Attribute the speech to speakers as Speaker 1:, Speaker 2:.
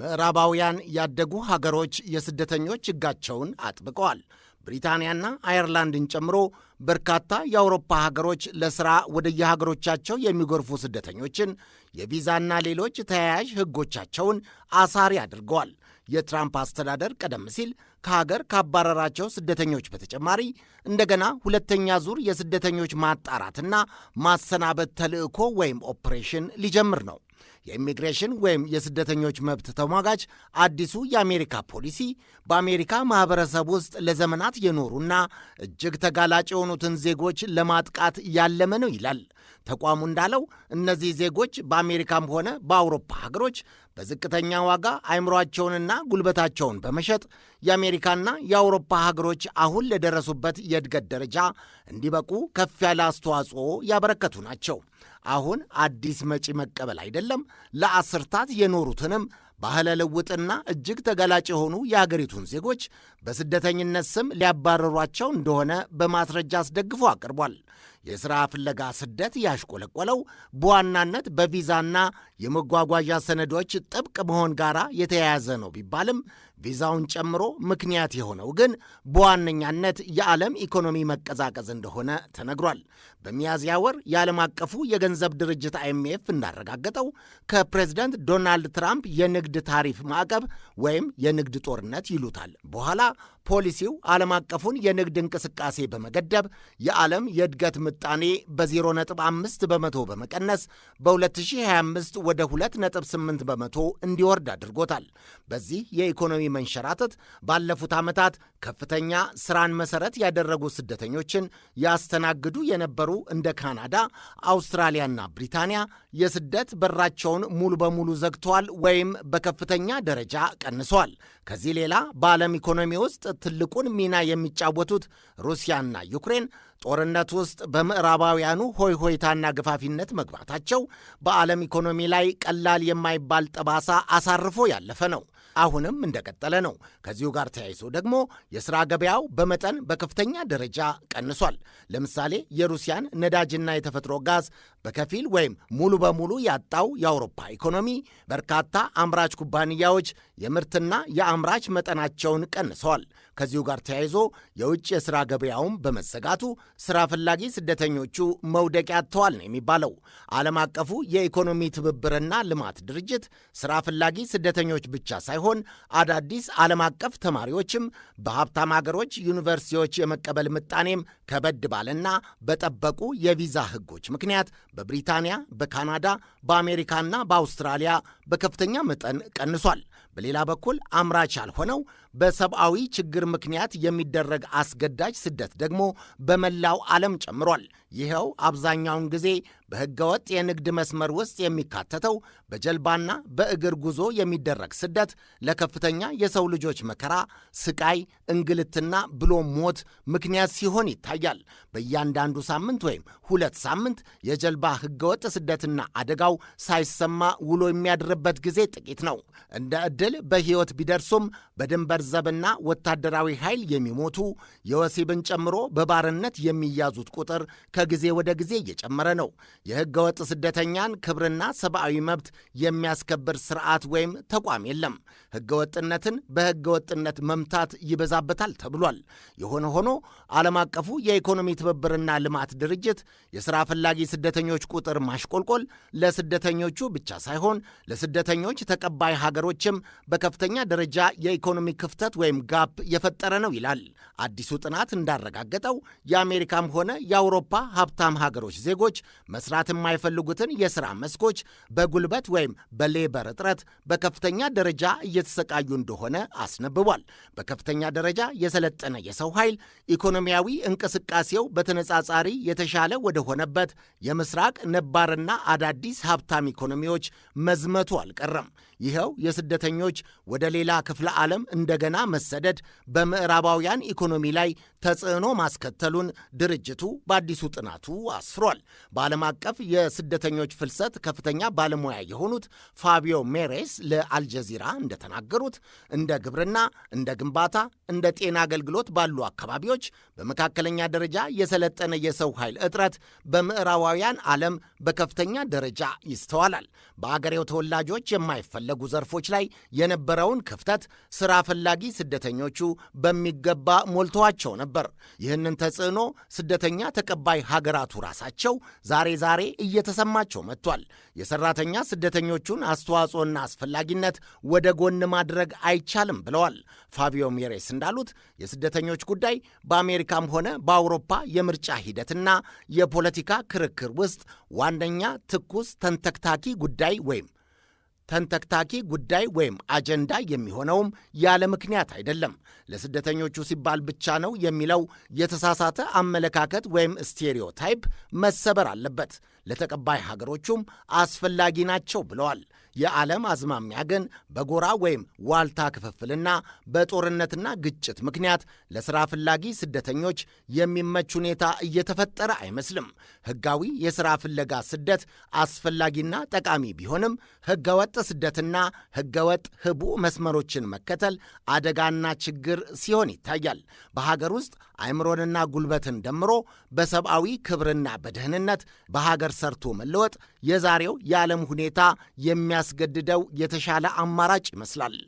Speaker 1: ምዕራባውያን ያደጉ ሀገሮች የስደተኞች ሕጋቸውን አጥብቀዋል። ብሪታንያና አየርላንድን ጨምሮ በርካታ የአውሮፓ ሀገሮች ለሥራ ወደ የሀገሮቻቸው የሚጎርፉ ስደተኞችን የቪዛና ሌሎች ተያያዥ ሕጎቻቸውን አሳሪ አድርገዋል። የትራምፕ አስተዳደር ቀደም ሲል ከሀገር ካባረራቸው ስደተኞች በተጨማሪ እንደገና ሁለተኛ ዙር የስደተኞች ማጣራትና ማሰናበት ተልዕኮ ወይም ኦፕሬሽን ሊጀምር ነው። የኢሚግሬሽን ወይም የስደተኞች መብት ተሟጋች አዲሱ የአሜሪካ ፖሊሲ በአሜሪካ ማኅበረሰብ ውስጥ ለዘመናት የኖሩና እጅግ ተጋላጭ የሆኑትን ዜጎች ለማጥቃት ያለመ ነው ይላል። ተቋሙ እንዳለው እነዚህ ዜጎች በአሜሪካም ሆነ በአውሮፓ ሀገሮች በዝቅተኛ ዋጋ አይምሯቸውንና ጉልበታቸውን በመሸጥ የአሜሪካና የአውሮፓ ሀገሮች አሁን ለደረሱበት የእድገት ደረጃ እንዲበቁ ከፍ ያለ አስተዋጽኦ ያበረከቱ ናቸው። አሁን አዲስ መጪ መቀበል አይደለም፣ ለአስርታት የኖሩትንም ባህለ ለውጥና እጅግ ተጋላጭ የሆኑ የአገሪቱን ዜጎች በስደተኝነት ስም ሊያባረሯቸው እንደሆነ በማስረጃ አስደግፎ አቅርቧል። የሥራ ፍለጋ ስደት ያሽቆለቆለው በዋናነት በቪዛና የመጓጓዣ ሰነዶች ጥብቅ መሆን ጋር የተያያዘ ነው ቢባልም ቪዛውን ጨምሮ ምክንያት የሆነው ግን በዋነኛነት የዓለም ኢኮኖሚ መቀዛቀዝ እንደሆነ ተነግሯል። በሚያዝያ ወር የዓለም አቀፉ የገንዘብ ድርጅት አይኤምኤፍ እንዳረጋገጠው ከፕሬዝደንት ዶናልድ ትራምፕ የንግድ ታሪፍ ማዕቀብ ወይም የንግድ ጦርነት ይሉታል በኋላ ፖሊሲው ዓለም አቀፉን የንግድ እንቅስቃሴ በመገደብ የዓለም የእድገት ምጣኔ በ0.5 በመቶ በመቀነስ በ2025 ወደ 2.8 በመቶ እንዲወርድ አድርጎታል። በዚህ የኢኮኖሚ መንሸራተት ባለፉት ዓመታት ከፍተኛ ስራን መሰረት ያደረጉ ስደተኞችን ያስተናግዱ የነበሩ እንደ ካናዳ፣ አውስትራሊያና ብሪታንያ የስደት በራቸውን ሙሉ በሙሉ ዘግተዋል ወይም በከፍተኛ ደረጃ ቀንሰዋል። ከዚህ ሌላ በዓለም ኢኮኖሚ ውስጥ ትልቁን ሚና የሚጫወቱት ሩሲያና ዩክሬን ጦርነት ውስጥ በምዕራባውያኑ ሆይ ሆይታና ገፋፊነት መግባታቸው በዓለም ኢኮኖሚ ላይ ቀላል የማይባል ጠባሳ አሳርፎ ያለፈ ነው። አሁንም እንደቀጠለ ነው። ከዚሁ ጋር ተያይዞ ደግሞ የሥራ ገበያው በመጠን በከፍተኛ ደረጃ ቀንሷል። ለምሳሌ የሩሲያን ነዳጅና የተፈጥሮ ጋዝ በከፊል ወይም ሙሉ በሙሉ ያጣው የአውሮፓ ኢኮኖሚ በርካታ አምራች ኩባንያዎች የምርትና የአምራች መጠናቸውን ቀንሰዋል። ከዚሁ ጋር ተያይዞ የውጭ የሥራ ገበያውም በመዘጋቱ ሥራ ፈላጊ ስደተኞቹ መውደቂያ አጥተዋል ነው የሚባለው። ዓለም አቀፉ የኢኮኖሚ ትብብርና ልማት ድርጅት ሥራ ፈላጊ ስደተኞች ብቻ ሳይሆን ሳይሆን አዳዲስ ዓለም አቀፍ ተማሪዎችም በሀብታም አገሮች ዩኒቨርሲቲዎች የመቀበል ምጣኔም ከበድ ባለና በጠበቁ የቪዛ ሕጎች ምክንያት በብሪታንያ፣ በካናዳ፣ በአሜሪካና በአውስትራሊያ በከፍተኛ መጠን ቀንሷል። በሌላ በኩል አምራች ያልሆነው በሰብአዊ ችግር ምክንያት የሚደረግ አስገዳጅ ስደት ደግሞ በመላው ዓለም ጨምሯል። ይኸው አብዛኛውን ጊዜ በሕገወጥ የንግድ መስመር ውስጥ የሚካተተው በጀልባና በእግር ጉዞ የሚደረግ ስደት ለከፍተኛ የሰው ልጆች መከራ፣ ስቃይ፣ እንግልትና ብሎ ሞት ምክንያት ሲሆን ይታያል። በእያንዳንዱ ሳምንት ወይም ሁለት ሳምንት የጀልባ ሕገወጥ ስደትና አደጋው ሳይሰማ ውሎ የሚያድርበት ጊዜ ጥቂት ነው። እንደ ዕድል በሕይወት ቢደርሱም በድንበር ዘብና ወታደራዊ ኃይል የሚሞቱ የወሲብን ጨምሮ በባርነት የሚያዙት ቁጥር ከጊዜ ወደ ጊዜ እየጨመረ ነው። የህገወጥ ስደተኛን ክብርና ሰብአዊ መብት የሚያስከብር ስርዓት ወይም ተቋም የለም። ህገወጥነትን በህገወጥነት መምታት ይበዛበታል ተብሏል። የሆነ ሆኖ ዓለም አቀፉ የኢኮኖሚ ትብብርና ልማት ድርጅት የሥራ ፈላጊ ስደተኞች ቁጥር ማሽቆልቆል ለስደተኞቹ ብቻ ሳይሆን ለስደተኞች ተቀባይ ሀገሮችም በከፍተኛ ደረጃ የኢኮኖሚ ክፍተት ወይም ጋፕ የፈጠረ ነው ይላል። አዲሱ ጥናት እንዳረጋገጠው የአሜሪካም ሆነ የአውሮፓ ሀብታም ሀገሮች ዜጎች መስራት የማይፈልጉትን የሥራ መስኮች በጉልበት ወይም በሌበር እጥረት በከፍተኛ ደረጃ እየተሰቃዩ እንደሆነ አስነብቧል። በከፍተኛ ደረጃ የሰለጠነ የሰው ኃይል ኢኮኖሚያዊ እንቅስቃሴው በተነጻጻሪ የተሻለ ወደሆነበት የምስራቅ ነባርና አዳዲስ ሀብታም ኢኮኖሚዎች መዝመቱ አልቀረም። ይኸው የስደተኞች ወደ ሌላ ክፍለ ዓለም እንደገና መሰደድ በምዕራባውያን ኢኮኖሚ ላይ ተጽዕኖ ማስከተሉን ድርጅቱ በአዲሱ ጥናቱ አስሯል። በዓለም አቀፍ የስደተኞች ፍልሰት ከፍተኛ ባለሙያ የሆኑት ፋቢዮ ሜሬስ ለአልጀዚራ እንደተናገሩት እንደ ግብርና፣ እንደ ግንባታ፣ እንደ ጤና አገልግሎት ባሉ አካባቢዎች በመካከለኛ ደረጃ የሰለጠነ የሰው ኃይል እጥረት በምዕራባውያን ዓለም በከፍተኛ ደረጃ ይስተዋላል። በአገሬው ተወላጆች የማይፈለ በተፈለጉ ዘርፎች ላይ የነበረውን ክፍተት ስራ ፈላጊ ስደተኞቹ በሚገባ ሞልተዋቸው ነበር። ይህንን ተጽዕኖ ስደተኛ ተቀባይ ሀገራቱ ራሳቸው ዛሬ ዛሬ እየተሰማቸው መጥቷል። የሰራተኛ ስደተኞቹን አስተዋጽኦና አስፈላጊነት ወደ ጎን ማድረግ አይቻልም ብለዋል። ፋቢዮ ሜሬስ እንዳሉት የስደተኞች ጉዳይ በአሜሪካም ሆነ በአውሮፓ የምርጫ ሂደትና የፖለቲካ ክርክር ውስጥ ዋነኛ ትኩስ ተንተክታኪ ጉዳይ ወይም ተንተክታኪ ጉዳይ ወይም አጀንዳ የሚሆነውም ያለ ምክንያት አይደለም። ለስደተኞቹ ሲባል ብቻ ነው የሚለው የተሳሳተ አመለካከት ወይም ስቴሪዮታይፕ መሰበር አለበት። ለተቀባይ ሀገሮቹም አስፈላጊ ናቸው ብለዋል። የዓለም አዝማሚያ ግን በጎራ ወይም ዋልታ ክፍፍልና በጦርነትና ግጭት ምክንያት ለሥራ ፍላጊ ስደተኞች የሚመች ሁኔታ እየተፈጠረ አይመስልም። ሕጋዊ የሥራ ፍለጋ ስደት አስፈላጊና ጠቃሚ ቢሆንም ሕገወጥ ስደትና ሕገወጥ ህቡ መስመሮችን መከተል አደጋና ችግር ሲሆን ይታያል። በሀገር ውስጥ አእምሮንና ጉልበትን ደምሮ በሰብአዊ ክብርና በደህንነት በሀገር ሰርቶ መለወጥ የዛሬው የዓለም ሁኔታ የሚያስገድደው የተሻለ አማራጭ ይመስላል።